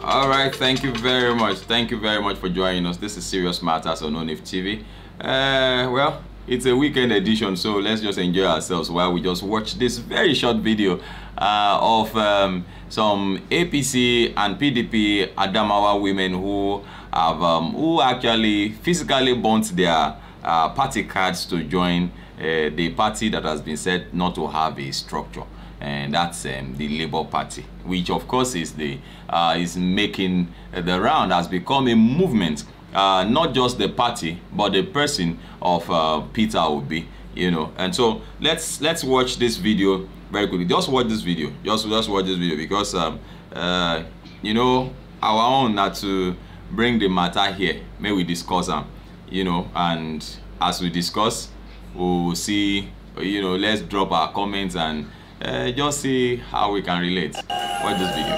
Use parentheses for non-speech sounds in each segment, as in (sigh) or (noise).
all right thank you very much thank you very much for joining us this is serious matters on onif tv uh, well it's a weekend edition so let's just enjoy ourselves while we just watch this very short video uh, of um, some APC and PDP Adamawa women who have um, who actually physically burnt their uh, party cards to join uh, the party that has been said not to have a structure and that's um, the Labour Party, which of course is the uh, is making the round has become a movement, uh, not just the party but the person of uh, Peter Obi, you know. And so let's let's watch this video very quickly. Just watch this video. Just just watch this video because um, uh, you know our own are to bring the matter here. May we discuss them, you know. And as we discuss, we'll see. You know, let's drop our comments and Uh, just see how we can relate. Watch this video.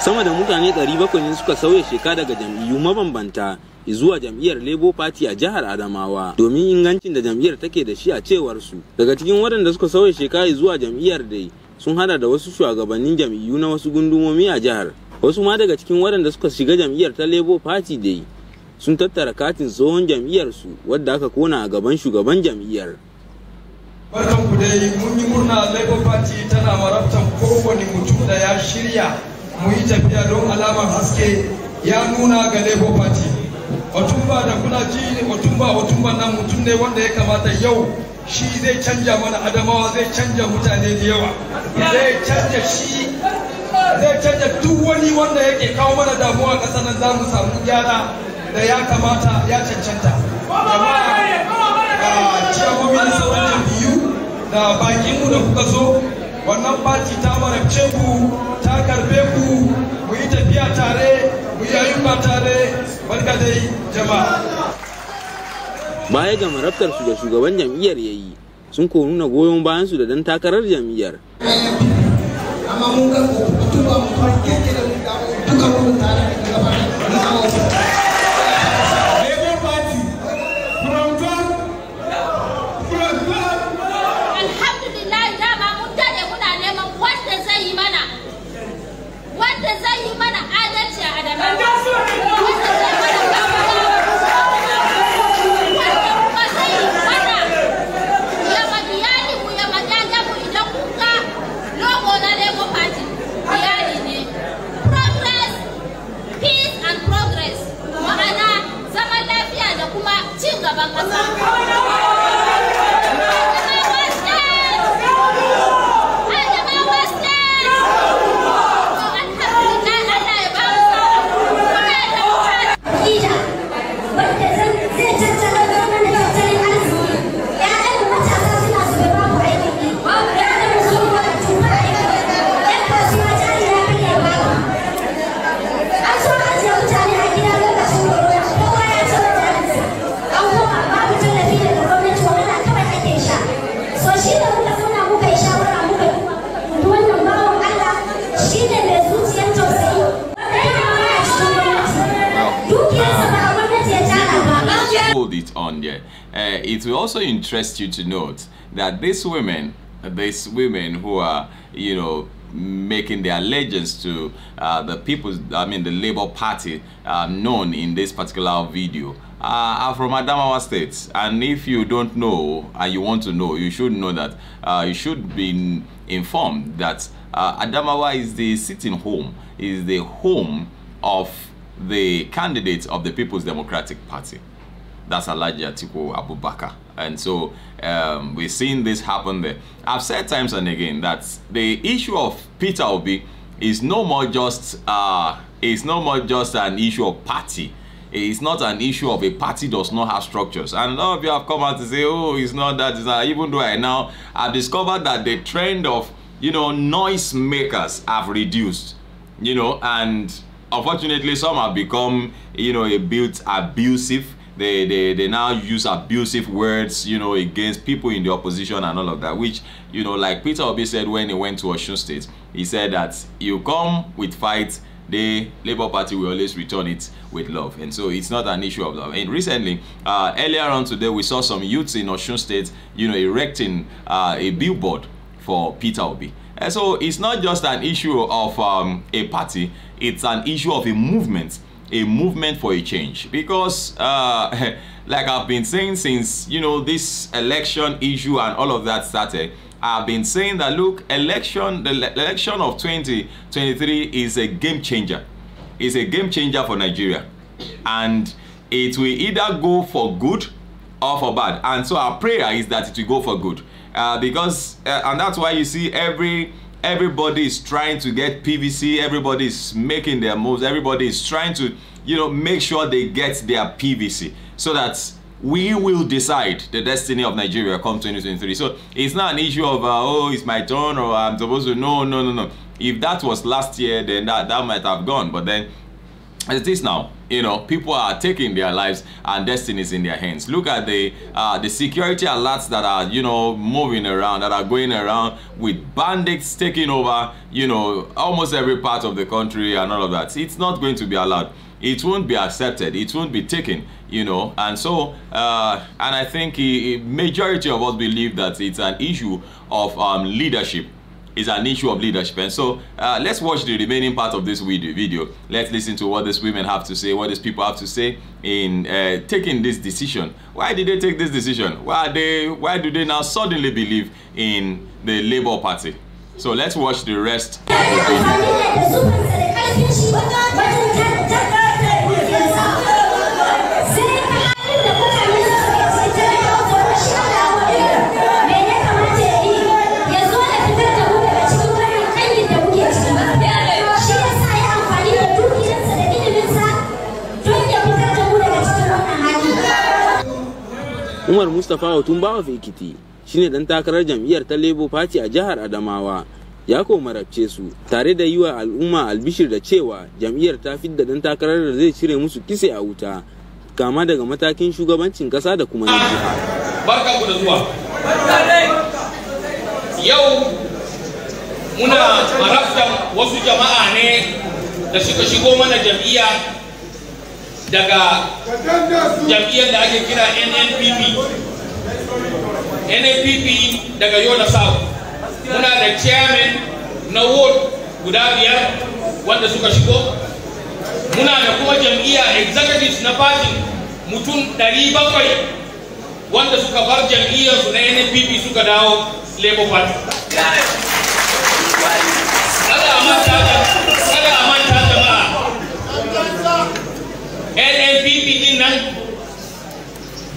Sama da mutane 700 ne suka sauya sheka daga jam'iyyu mabambanta zuwa jam'iyyar Labour Party a jihar Adamawa domin ingancin da jam'iyyar take da shi a cewar su. Daga cikin waɗanda suka sauya sheka zuwa jam'iyyar dai sun hada da wasu shugabannin jam'iyyu na wasu gundumomi a jihar. Wasu ma daga cikin waɗanda suka shiga jam'iyyar ta Labour Party dai sun tattara katin tsohon su wadda aka kona a gaban shugaban jam'iyyar. Barkan ku dai mun yi murna Labour Party tana marabtan kowane mutum da ya shirya mu yi tafiya don alamar haske ya nuna ga Labour Party. ba da kuna ji Otumba ba nan mutum ne wanda ya kamata yau shi zai canja mana Adamawa zai canja mutane da yawa. Zai canja shi zai canja duk wani wanda yake kawo mana damuwa kasa nan za mu samu gyara da ya kamata ya cancanta jama'a ciyawomi sauran da bakinmu da kuka zo wannan fati ta marabce ku ta karbe ku mu yi tafiya tare mu yi ayyuka tare barka dai jama'a baya ga marabtarsu da shugaban jam'iyyar yayi sun ko nuna goyon bayansu da dan takarar jam'iyyar amma mun ga ko tuba mu farke da duka mun 万万岁！it will also interest you to note that these women, these women who are, you know, making their allegiance to uh, the people I mean, the Labour Party uh, known in this particular video uh, are from Adamawa State. And if you don't know and you want to know, you should know that uh, you should be informed that uh, Adamawa is the sitting home, is the home of the candidates of the People's Democratic Party. That's Alaji Tiku Abubakar. And so um, we're seeing this happen there. I've said times and again that the issue of Peter Obi is no more just uh, it's no more just an issue of party. It's not an issue of a party does not have structures. And a lot of you have come out to say, oh, it's not that. It's not. Even though I now I've discovered that the trend of you know noise makers have reduced, you know, and unfortunately some have become you know a bit abusive they, they they now use abusive words you know against people in the opposition and all of that which you know like peter obi said when he went to osun state he said that you come with fight the Labour Party will always return it with love. And so it's not an issue of love. And recently, uh, earlier on today, we saw some youths in Osun State, you know, erecting uh, a billboard for Peter Obi. And so it's not just an issue of um, a party, it's an issue of a movement a movement for a change because uh, (laughs) like I've been saying since you know this election issue and all of that started I've been saying that look election the election of 2023 is a game changer it's a game changer for Nigeria and it will either go for good or for bad and so our prayer is that it will go for good uh, because uh, and that's why you see every everybody is trying to get PVC, everybody is making their moves, everybody is trying to, you know, make sure they get their PVC so that we will decide the destiny of Nigeria come 2023. So it's not an issue of, uh, oh, it's my turn or I'm supposed to, no, no, no, no. If that was last year, then that, that might have gone. But then as it is now, you know, people are taking their lives and destinies in their hands. Look at the uh, the security alerts that are, you know, moving around, that are going around with bandits taking over, you know, almost every part of the country and all of that. It's not going to be allowed. It won't be accepted. It won't be taken, you know. And so, uh, and I think majority of us believe that it's an issue of um, leadership is an issue of leadership. And so uh, let's watch the remaining part of this video. Let's listen to what these women have to say, what these people have to say in uh, taking this decision. Why did they take this decision? Why they? Why do they now suddenly believe in the Labour Party? So let's watch the rest Umar Mustapha Otumbawa Fekiti shine dan takarar jam'iyyar ta Labour Party a jihar Adamawa ya komarabce su tare da yi wa al'umma albishir da cewa jam'iyyar ta fidda dan takarar da zai cire musu kise a wuta kama daga matakin shugabancin kasa da kuma na jiha. Barka ku da zuwa. Yau muna marabta wasu jama'a ne da suka shigo mana jam'iyya daga jam'iyyar da ake kira nnpp nnpp daga yola south muna da chairman na ward guda biyar wanda suka shigo muna da kuma jam'iyya executives na party mutum 700 wanda suka bar jam'iyyarsu na nnpp suka dawo labour party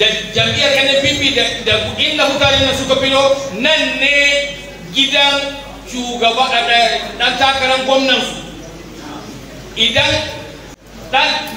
NPP da mutane na suka fito nan ne gidan shugaba dan takarar idan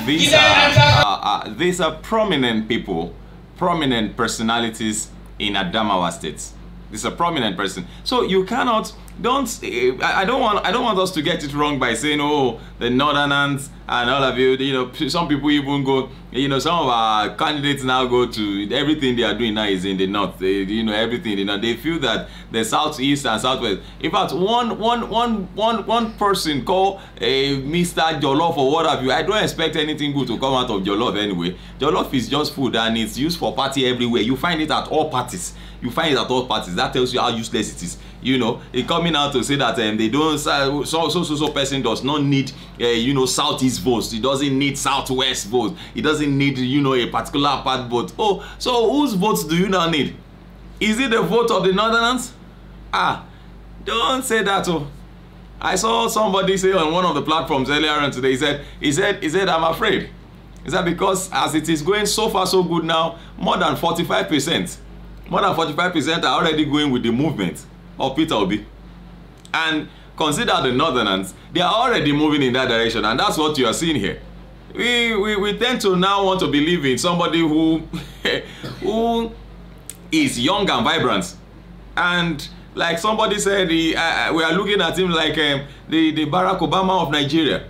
These are, uh, uh, these are prominent people, prominent personalities in Adamawa State. This is a prominent person. So you cannot don't eh, I don't want I don't want us to get it wrong by saying oh the Northerners and all of you you know some people even go you know some of our candidates now go to everything they are doing now is in the north they, you know everything you know they feel that the southeast and southwest in fact one one one one one person call a uh, Mr. Jollof or what have you I don't expect anything good to come out of Jollof anyway Jollof is just food and it's used for party everywhere you find it at all parties you find it at all parties that tells you how useless it is you know e coming out to say that um, they don't so so so so person does not need uh, you know southeast votes he doesn't need southwest votes he doesn't need you know a particular part vote oh so whose votes do you now need is it the vote of the northerners ah don't say that oh I saw somebody say on one of the platforms earlier on today, he said, he said, he said, I'm afraid. Is that because as it is going so far so good now, more than 45%, more than 45% are already going with the movement or Peter Obi. And consider the Northerners, they are already moving in that direction, and that's what you are seeing here. We, we, we tend to now want to believe in somebody who, (laughs) who is young and vibrant. And like somebody said, he, uh, uh, we are looking at him like um, the, the Barack Obama of Nigeria.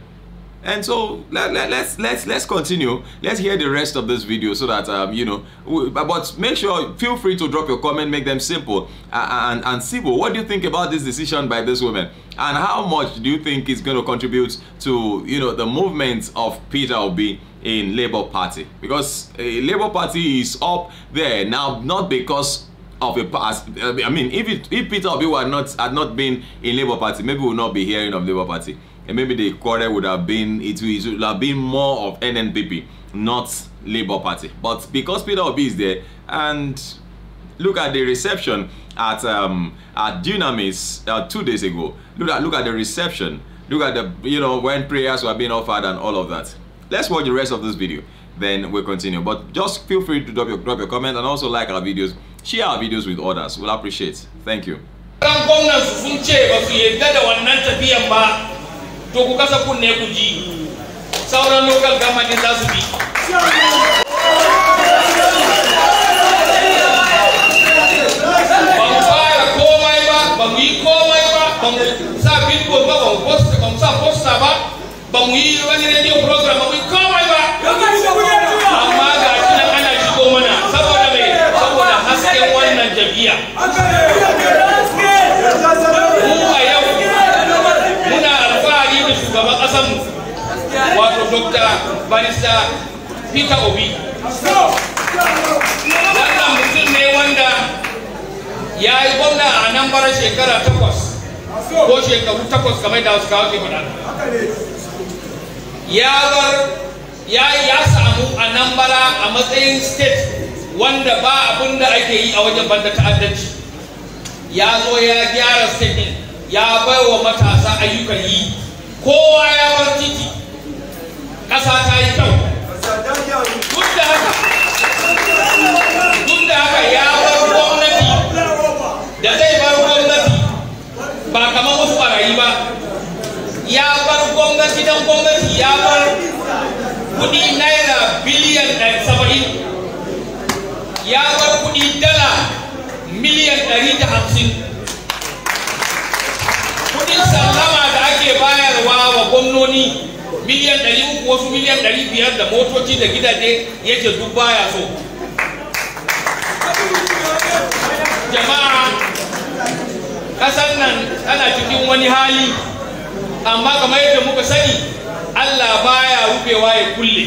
and so let, let, let's let's let's continue let's hear the rest of this video so that um you know we, but make sure feel free to drop your comment make them simple uh, and and simple. what do you think about this decision by this woman and how much do you think is going to contribute to you know the movement of Peter Obi in Labour Party because uh, Labour Party is up there now not because of a past. I mean, if it, if Peter Obi were not had not been in Labour Party, maybe we will not be hearing of Labour Party and maybe the quarrel would have been it would have been more of NNPP, not Labour Party. But because Peter Obi is there, and look at the reception at um, at Dunamis uh, two days ago. Look at look at the reception. Look at the you know when prayers were being offered and all of that. Let's watch the rest of this video, then we'll continue. But just feel free to drop your drop your comment and also like our videos. Share our videos with others. We'll appreciate. Thank you. to ku kasa kunne ku ji sauran local government za su bi ba mu fara komai ba ba yi komai ba ba mu sa billboard ba ba mu posta ba sa posta ba ba yi wani radio program ba yi komai ba amma ga shi nan ana shigo mana saboda mai saboda hasken wannan jam'iyya barista peter obi wannan mutum ne wanda ya yi gwamna a nan bara shekara takwas ko shekaru takwas kamar da wasu kawo ke faɗa ya bar ya ya samu a nan bara a matsayin state wanda ba abin da ake yi a wajen banda ta'addanci ya zo ya gyara state ya bai wa matasa ayyukan yi kowa ya bar titi ƙasa ta yi kyau duk da haka ya bar gwamnati da zai bar gwamnati ba kamar wasu barayi ba ya bar gwamnati don gwamnati ya bar kudi naira biliyan saba'in ya bar kudi dala miliyan ɗari da hamsin kudin sallama da ake bayarwa wa gwamnoni miliyan ɗari uku wasu miliyan ɗari biyar da motoci da gidaje ya ce duk baya so jama'a ƙasar nan tana cikin wani hali amma kamar yadda muka sani Allah baya rufewa ya kulle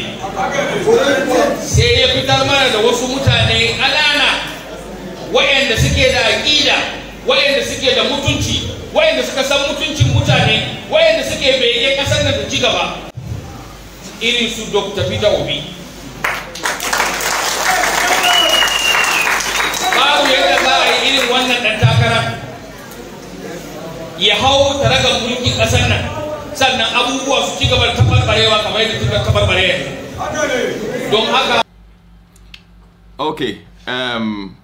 sai ya fitar mana da wasu mutane ƙanana waɗanda suke da aƙida waɗanda suke da mutunci waɗanda suka san mutuncin mutane waɗanda suke bege ƙasar da ci gaba irin su dr peter obi babu yadda za a yi irin wannan ɗan takara ya hau taragar mulkin ƙasar nan sannan abubuwa su ci gaba da tabarbarewa kamar yadda suka tabarbare don haka okay um,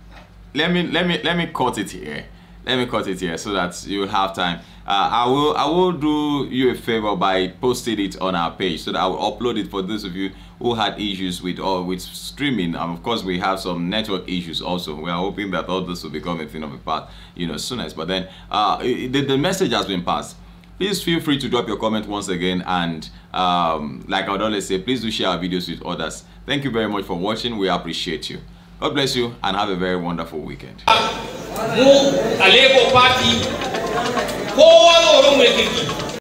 let me let me let me cut it here let me cut it here so that you'll have time uh, I will I will do you a favor by posting it on our page so that I will upload it for those of you who had issues with all uh, with streaming and of course we have some network issues also we are hoping that all this will become a thing of the past you know soonest but then uh, the, the message has been passed please feel free to drop your comment once again and um, like I would always say please do share our videos with others thank you very much for watching we appreciate you God bless you and have a very wonderful weekend. Labour Party